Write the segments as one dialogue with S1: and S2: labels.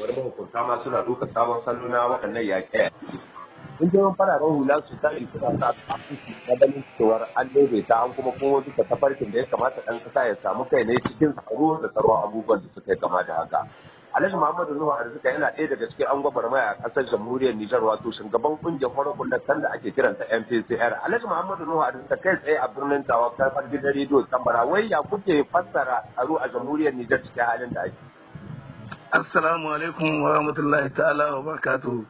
S1: wani mahukunta ma suna duka sabon salo na waɗannan yaƙe in ji mun fara hula su ta suna sa asusu na ganin cewar an daidaita ta an kuma kuma duka tafarkin da ya kamata ɗan ƙasa ya samu kai ne cikin tsaro da tsaron abubuwan da suka yi kama da haka Alhaji Muhammadu Nuhu Arzika yana ɗaya daga cikin an maya a ƙasar jamhuriyar Nijar wato shugaban ƙungiyar farar kullatan da ake kiranta MPCR. Alhaji Muhammadu Nuhu Arzika kai tsaye a birnin Tawa kafar gidan rediyo Tambara wai ya kuke fassara tsaro a jamhuriyar Nijar cikin halin da ake. Assalamu alaikum wa rahmatullahi ta'ala wa barakatu.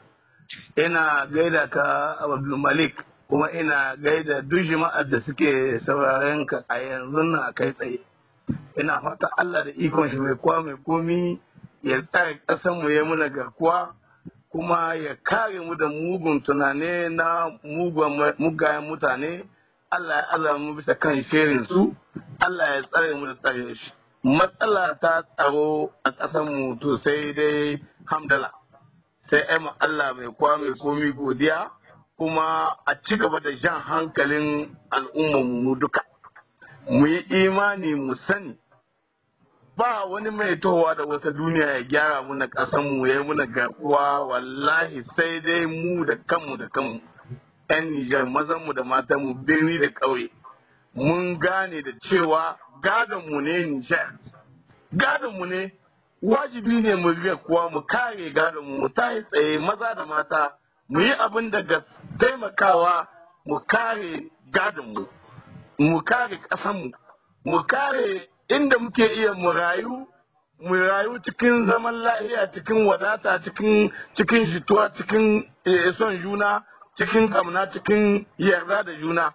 S1: Ina gaida ka Abdul
S2: Malik kuma ina gaida duk jama'ar da suke sauraren ka a yanzu na kai tsaye. Ina fata Allah da ikon shi mai kwa mai komi ya tsare ƙasar mu ya muna garkuwa kuma ya kare mu da mugun tunane na mugayen mutane. Allah ya Allah mu bisa kan shirin su, Allah ya tsare mu da tsare shi. matsala ta tsaro a ƙasar mu to sai dai hamdala sai ai Allah mai kwa mai komi godiya kuma a ci gaba da jan hankalin al'ummar mu duka mu yi imani mu sani ba wani mai tohowa da wata duniya ya gyara muna ƙasar mu ya yi muna garkuwa wallahi sai dai mu da kanmu da kanmu 'yan Nijar mazanmu da matanmu birni da ƙauye. mun gane da cewa gadonmu ne Nijar. Gadonmu ne wajibi ne mu riya kuwa mu kare gadonmu mu tayi tsaye maza da mata mu yi abin da ga taimakawa mu kare gadonmu mu kare ƙasanmu mu kare inda muke iya mu rayu mu rayu cikin zaman lafiya cikin wadata cikin cikin jituwa cikin eh, son juna cikin kamna cikin yarda da juna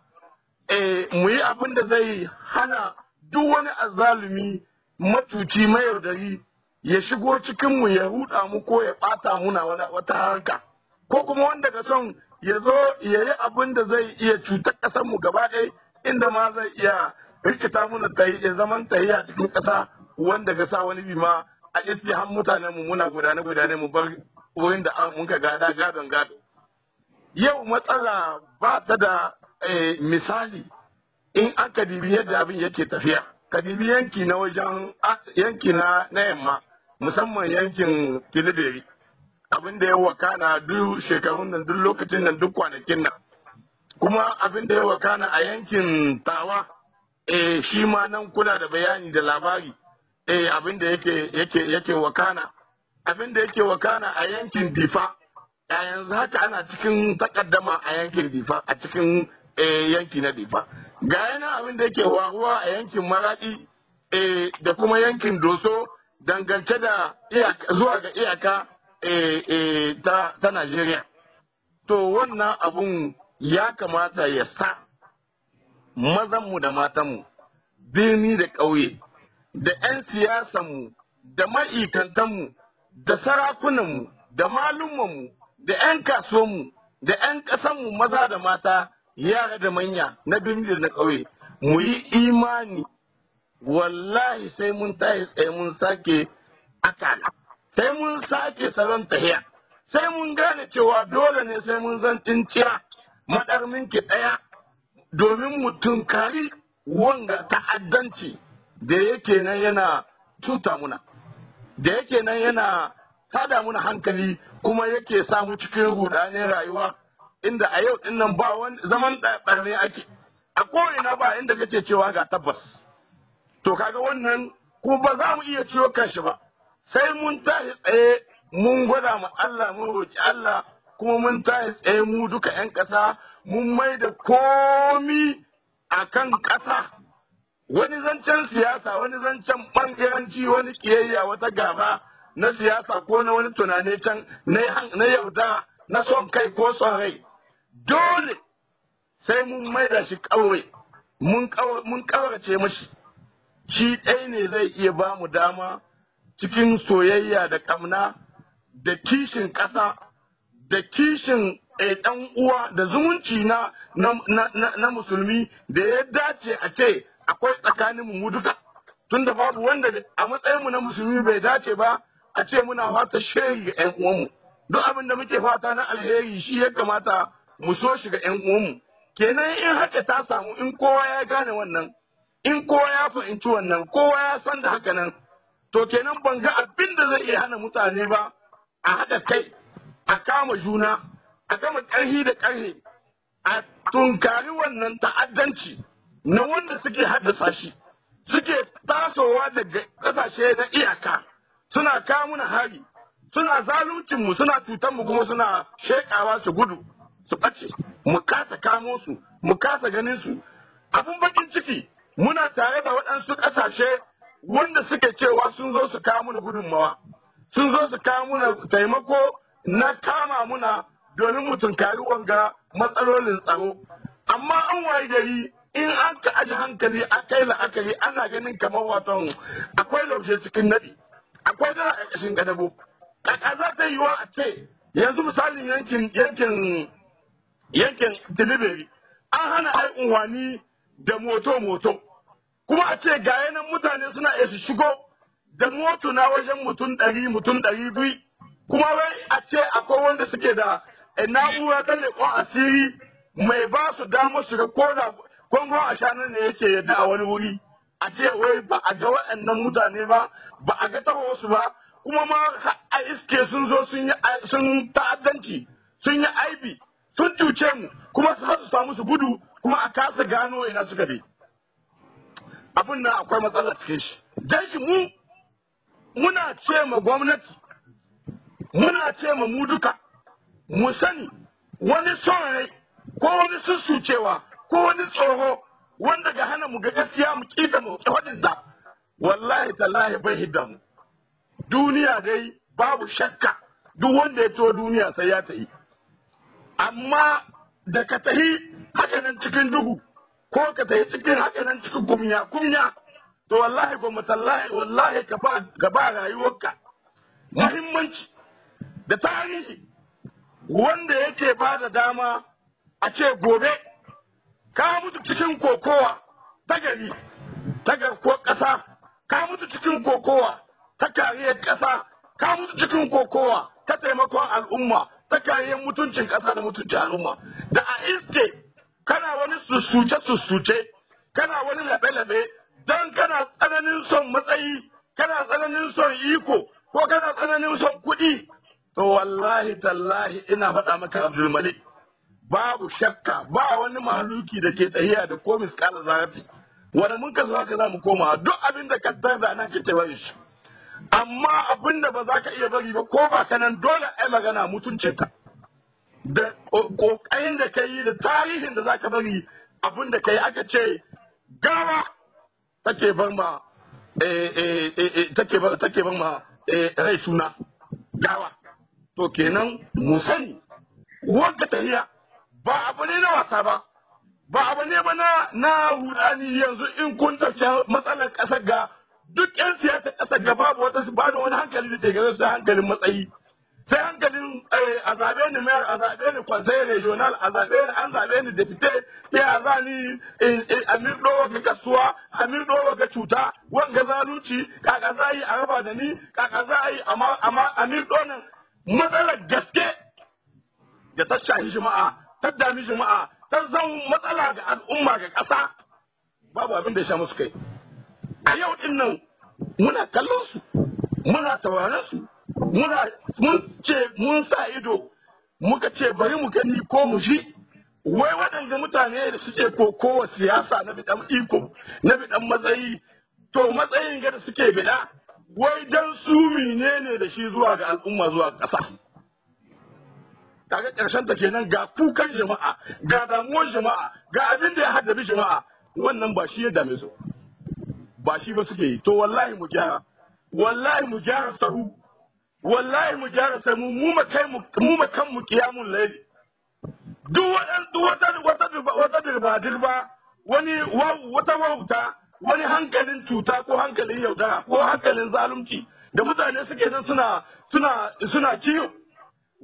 S2: Eh, mu yi abin da zai hana duk wani azalumi matuci mayaudari ya shigo cikinmu ya huda mu ko ya bata muna wata harka ko kuma wanda ka son ya zo ya yi abin da zai iya cutar mu gaba ɗaya inda ma zai iya rikita muna ya zaman a cikin ƙasa wanda ka sa wani bima a iske har mutanen mu muna gudane gudane mu bar wurin da mun ka gada gadon gado yau matsala ba ta da Eh, misali in aka dibi yadda abin yake tafiya kadibi dibi yanki na wajen yanki na na yamma musamman yankin kilibiri abin da ya wakana duk shekarun nan duk lokacin nan duk kwanakin nan kuma abin da ya wakana a yankin tawa eh shi ma nan kula da bayani da labari eh abin da yake yake yake wakana abin da yake wakana a yankin difa a yanzu haka ana cikin takaddama a yankin difa a cikin Eh, yanki na difa ga yana abin da yake waruwa a yankin Maraɗi, eh, da kuma yankin doso dangance da zuwa ga iyaka eh, ta najeriya to wannan abun ya kamata ya sa mazanmu da matanmu birni da ƙauye da 'yan siyasanmu da ma'aikantanmu da sarakunanmu da malumanmu da 'yan kasuwanmu da 'yan ƙasanmu maza da mata yara da manya na birni na ƙauye mu yi imani wallahi sai mun tahi tsaye mun sake akala sai mun sake salon tahiya sai mun gane cewa dole ne sai mun zan tinciya madarmin ki ɗaya domin mu tunkari wanga ta'addanci da yake nan yana tuta muna da yake nan yana tada muna hankali kuma yake samu cikin rudanin rayuwa inda a yau din nan ba wani zaman barne ake a ko'ina ba inda kake cewa ga tabbas to kaga wannan ko ba za mu iya ciwo kanshi ba sai mun tashi tsaye mun gwada mu Allah mun roki Allah kuma mun tashi tsaye mu duka 'yan ƙasa mun mai da komi a kan ƙasa wani zancen siyasa wani zancen ɓangaranci wani ƙiyayya wata gaba na siyasa ko na wani tunane can na yauda na son kai ko son rai dole sai mun maida shi ƙaure mun ƙaurace mashi shi ɗai ne zai iya ba mu dama cikin soyayya da ƙamna da kishin ƙasa da kishin eh, ɗan uwa da zumunci na, na, musulmi da ya dace a ce akwai tsakanin mu duka tun da babu wanda a matsayinmu na musulmi bai dace ba a ce muna fata shiri ga 'yan uwanmu duk abin da muke fata na alheri shi ya kamata mu so shi ga 'yan uwanmu kenan in haka ta samu in kowa ya gane wannan in kowa ya fahimci wannan kowa ya san da haka nan to kenan ban ga abin da zai iya hana mutane ba a haɗa kai a kama juna a gama ƙarhi da ƙarhi a tunkari wannan ta'addanci na wanda suke haddasa shi suke tasowa daga ƙasashe na iyaka suna kamuna hari suna zaluncinmu suna cutanmu kuma suna sheƙawa su gudu su ɓace mu kasa kamo su mu kasa ganin su abin bakin ciki muna tare da waɗansu ƙasashe wanda suke cewa sun zo su kawo muna gudunmawa sun zo su kawo da taimako na kama muna domin mu tunkari wanga matsalolin tsaro amma an waye gari in an ka aji hankali a kai la'akari ana ganin kamar waton akwai laushe cikin naɗi akwai zara a ƙashin gadabo kaka za ta yi wa a ce yanzu misalin yankin yankin delivery an hana ai unwani da moto-moto kuma a ce ga yanan mutane suna iya shigo da moto na wajen mutum ɗari mutum ɗari biyu kuma wai a ce akwai wanda suke da eh, na'ura ta leƙon asiri mai ba su damar shiga ko da kwangon a shanun ne yake yadda a wani wuri a ce wai ba a ga waɗannan mutane ba ba a ga taho su ba kuma ma a iske sun zo sun ta'addanci sun yi aibi sun cuce mu kuma su su samu su gudu kuma a kasa gano ina suka bi abin nan akwai matsala cikin shi dan shi mu muna ce ma gwamnati muna ce ma mu duka mu sani wani son rai ko wani sussucewa ko wani tsoho wanda ga hana mu ga gaskiya mu kida mu wadin da wallahi tallahi bai hidda mu duniya dai babu shakka duk wanda ya to duniya sai ya ta yi amma da ka tahi hakanan cikin duhu ko ka tafi cikin hakanan cikin gumya-gumya, to wallahi ba tallahi wallahi ka ba rayuwarka muhimmanci da tarihi wanda yake ba da dama a ce gobe ka mutu cikin kokowa ta gari ta garko ƙasa ka mutu cikin kokowa ta kariyar ƙasa ka mutu cikin kokowa ta taimakon al'umma tsakanin mutuncin ƙasa da mutuncin al'umma da a iske kana wani sussuce sussuce kana wani laɓe-laɓe don kana tsananin son matsayi kana tsananin son iko ko kana tsananin son kuɗi to wallahi tallahi ina faɗa maka abdulmalik babu shakka ba wani maluki da ke tsayiya da komis kala zarafi Wani mun ka za mu koma duk abin da ka tarda na yi shi amma abin da ba za ka iya bari ba ko ba kanan dole ai magana mutunce ta da kokarin da ka yi da tarihin da za ka bari abin da ka yi aka ce gawa take bar ma eh, eh, eh, take bar ma rai suna gawa to kenan mu sani ta tahiya ba abu ne na wasa ba ba abu ne ba na na yanzu in kun tafiya matsalar ƙasar ga duk yan siyasar ƙasa da babu wata su bada wani hankali da ke gare su hankalin matsayi sai hankalin eh, a zaɓe ni mayar a zaɓe ni kwansai regional a zaɓe ni an zaɓe ni depute sai a za ni amir dowa ga kasuwa amir dowa ga cuta wanga zalunci kaka za yi a raba da ni kaka za a yi amma amir ɗonin matsalar gaske da ta shahi jama'a ta dami jama'a ta zan matsala ga al'umma ga ƙasa babu abin da ya sha musu kai. a yau din nan muna kallon su muna tawaran su muna mun ce mun sa ido muka ce bari mu gani ko mu ji wai waɗanda mutane da suke kokowa siyasa na bidan iko na bidan matsayi to matsayin ga da suke bida wai dan su menene da shi zuwa ga al'umma zuwa ƙasa kaga ƙarshen ta kenan ga kukan jama'a ga damuwar jama'a ga abin da ya haddabi jama'a wannan ba shi ya dame su ba shi ba suke yi to wallahi mu gyara wallahi mu gyara sahu wallahi mu gyara sai mu mu kai mu makan mu kiyamun laili duk wadan duk wata wata wata dirba dirba wani wata wauta wani hankalin cuta ko hankalin yaudara ko hankalin zalunci da mutane suke nan suna suna suna kiyo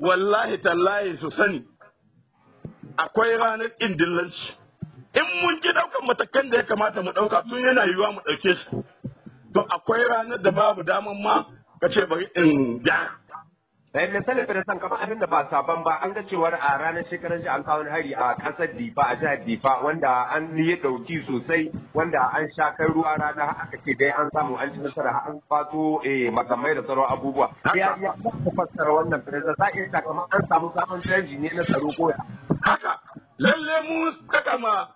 S2: wallahi tallahi su sani akwai ranar indillanci in mun ji daukan matakan da ya kamata mu ɗauka tun yana yiwuwa mu ɗauke su
S1: to akwai ranar da babu daman ma ka ce bari in ja sai ne sai da san kamar abin da ba saban ba an ga cewar a ranar shekarar shi an kawo hari a kasar Difa a jihar Difa wanda an yi dauki sosai wanda an sha kai ruwa rana aka ce dai an samu an ci nasara an fato, eh makamai da tsaro, abubuwa ya ya ku fassara wannan firinsa za iya kamar an samu sabon canji ne na tsaro koya haka lalle mu kaka ma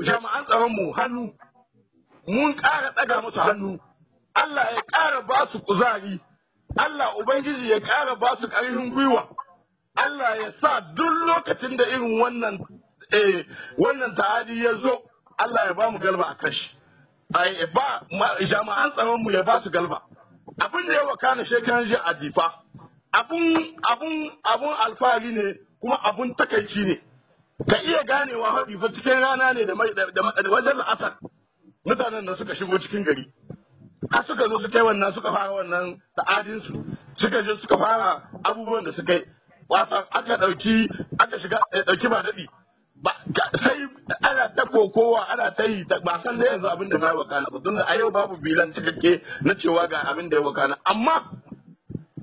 S1: jami'an tsaron mu hannu mun ƙara ɗaga
S2: musu hannu Allah ya ƙara ba su kuzari Allah ubangiji ya ƙara ba su ƙarfin gwiwa Allah ya sa duk lokacin da irin wannan eh wannan ta'adi ya zo Allah ya ba mu galba a kashi ai ba jama'an tsaron mu ya ba su galba abin da ya wakana shekaran jiya a difa abun abun abun alfahari ne kuma abun takaici ne ka iya ganewa haɗi fa cikin rana ne da wajen la'asar mutanen da suka shigo cikin gari a suka zo suka yi wannan suka fara wannan ta'adinsu suka je suka fara abubuwan da suka yi wasan aka ɗauki aka shiga eh, ɗauki ba daɗi sai ana ta kokowa ana ta yi ba san da yanzu abin da na wakana ba tunda a yau babu bilan cikakke na cewa ga abin da ya wakana amma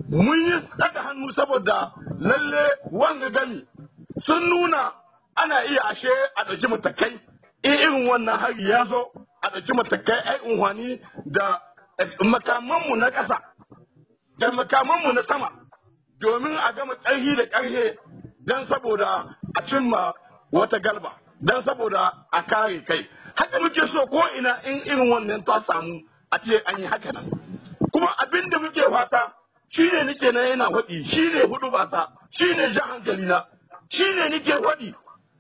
S2: mun yi tsaka hannu saboda lalle wanga gami sun nuna ana iya ashe a ɗauki matakai in irin wannan hari ya zo a ɗauki matakai ai unhwani da eh, makamanmu na ƙasa da makamanmu na sama domin a gama ƙarfi da ƙarfe don saboda a cimma wata galba don saboda a kare kai haka muke so ko ina in irin wannan ta samu a ce an yi haka nan kuma abin da muke fata shi ne nake na yana haɗi, shi ne hudu ba ta shi ne ji shi ne nake haɗi.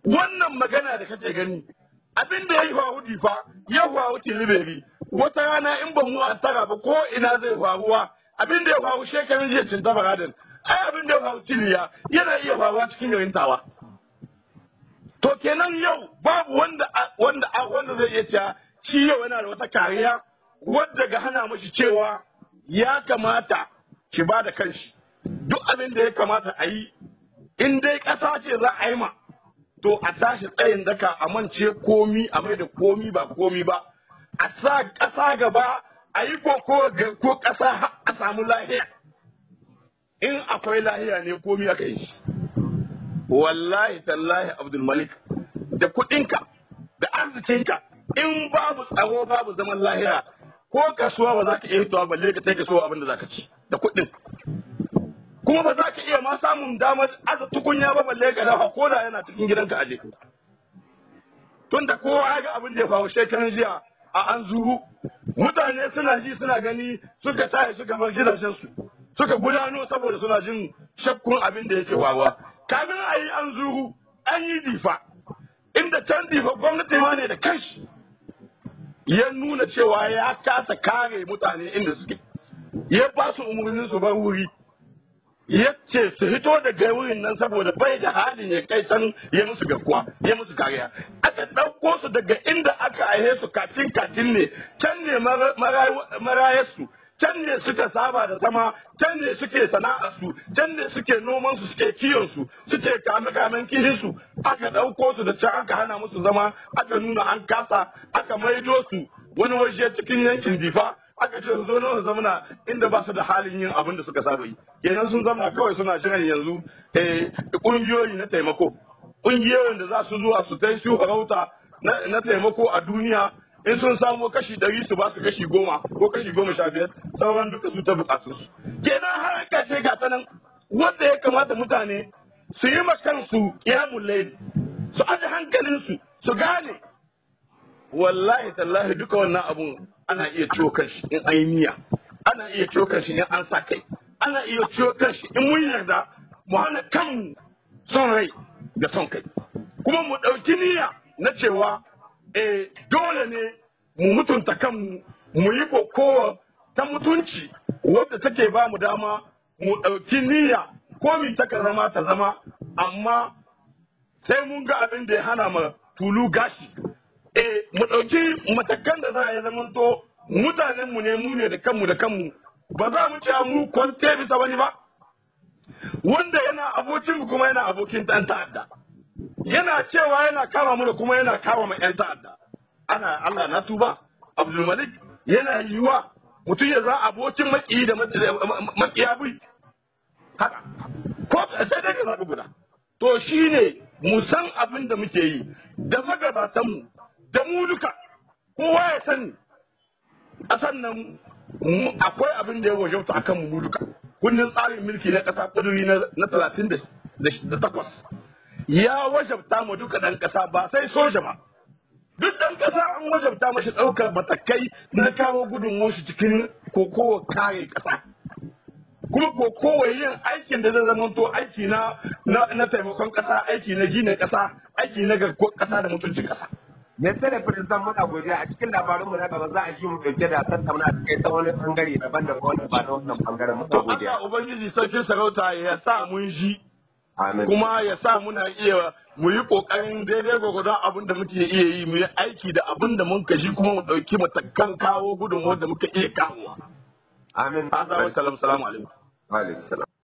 S2: wannan magana da kake gani abin da ya yi faru fa ya faru tiliberi wata rana in ba mu an tara ba ko ina zai faruwa abin da ya faru shekarun jiya cin tabaradin ai abin da ya faru tiliya yana iya faruwa cikin garin tawa to kenan yau babu wanda wanda wanda zai iya cewa shi yau yana da wata kariya wadda ga hana mashi cewa ya kamata ki ba da kanshi duk abin da ya kamata a yi in dai ƙasa ce za a yi ma to a tashi tsayin daka a mance komi a mai da komi ba komi ba a sa ƙasa gaba a yi koko ko ƙasa a samu lahiya in akwai lahiya ne komi aka yi wallahi tallahi abdulmalik da kuɗinka da arzikinka in babu tsaro babu zaman lahiya ko kasuwa ba za ka iya hitowa balle ka sai kasuwa abin da za ka ci da kuɗin kuma ba za ka iya ma samun damar aza tukunya ba balle ka dafa ko da yana cikin gidanka aje tunda kowa ya ga abin da ya faru shekaran jiya a an zuru mutane suna ji suna gani suka tsaya suka bar gidajensu suka gudano saboda suna jin shakkun abin da yake wawa kafin a yi an zuru an yi difa inda can difa gwamnati ma ne da kanshi ya nuna cewa ya kasa kare mutane inda suke ya ba su umarnin su bar wuri ya ce su fito daga wurin nan saboda bai da halin ya kai san ya musu kuwa ya musu kariya aka ɗauko su daga inda aka aihe su katin katin ne can ne marayarsu can ne suka saba da zama can ne suke sana'arsu can ne suke nomansu suke kiyonsu suke kame kamen kihinsu aka ɗauko su da can aka hana musu zama aka nuna an kasa aka maido su wani waje cikin yankin difa aka ce zo nan zamana inda ba su da halin yin abin da suka saba yi kenan sun zamana kawai suna shirin yanzu kungiyoyi eh, na taimako kungiyoyin da za su zuwa su tai su harauta na taimako a duniya in sun samo kashi dari su ba su kashi goma ko kashi goma sha biyar sauran duka su ta bukatu su kenan ka ce ga sanan wanda ya kamata mutane su yi kansu kiyamun laili su aji hankalinsu su gane wallahi tallahi duka wannan abun ana iya ciwo kanshi in an yi ana iya ciwo kanshi in an sa kai ana iya ciwo kanshi in mun yarda mu hana kanmu son rai da son kai kuma mu ɗauki niyya na cewa eh dole ne mu mutunta kanmu mu yi kokowa ta mutunci wadda take ba mu dama mu ɗauki niyya ko mi ta zama ta zama amma sai mun ga abin da ya hana ma tulu gashi Eh, mu ɗauki matakan da za a yi zamanto mutanenmu ne mu ne da kanmu da kanmu ba za mu cewa mu kwante bisa wani ba wanda yana abokin kuma yana abokin ɗan ta'adda yana cewa yana kama mu da kuma yana kama mu ƴan ta'adda ana Allah na tuba Abdulmalik yana yiwa mutum ya za abokin maki da makiya bi haka ko sai dai ka zaɓi guda to shine mu san abin da muke yi da magabatan mu da mu duka kowa ya sani a sannan akwai abin da ya wajauta a kan mu duka kundin tsarin mulki na ƙasa ƙuduri na talatin da takwas ya wajabta mu duka ɗan ƙasa ba sai soja ba duk ɗan ƙasa an wajabta mashi ɗaukar matakai na kawo gudun wasu cikin kokowa kare ƙasa kuma kokowa yin aikin
S1: da zai zamanto aiki na taimakon ƙasa aiki na gina ƙasa aiki na garkuwar ƙasa da mutuncin ƙasa mai da firistan muna godiya a cikin labarin mu na gaba za a ji mu dauke da san tamna a cikin wani bangare daban da wani ba na wannan bangaren muna godiya Allah
S2: ubangiji sarkin sarauta ya sa mun ji kuma ya sa muna iya mu yi kokarin daidai gwagwadon abin da muke iya yi mu yi aiki da abin da mun kashi kuma mu dauki matakan kawo gudunmuwar da muka iya kawo. amin assalamu alaikum wa alaikum salam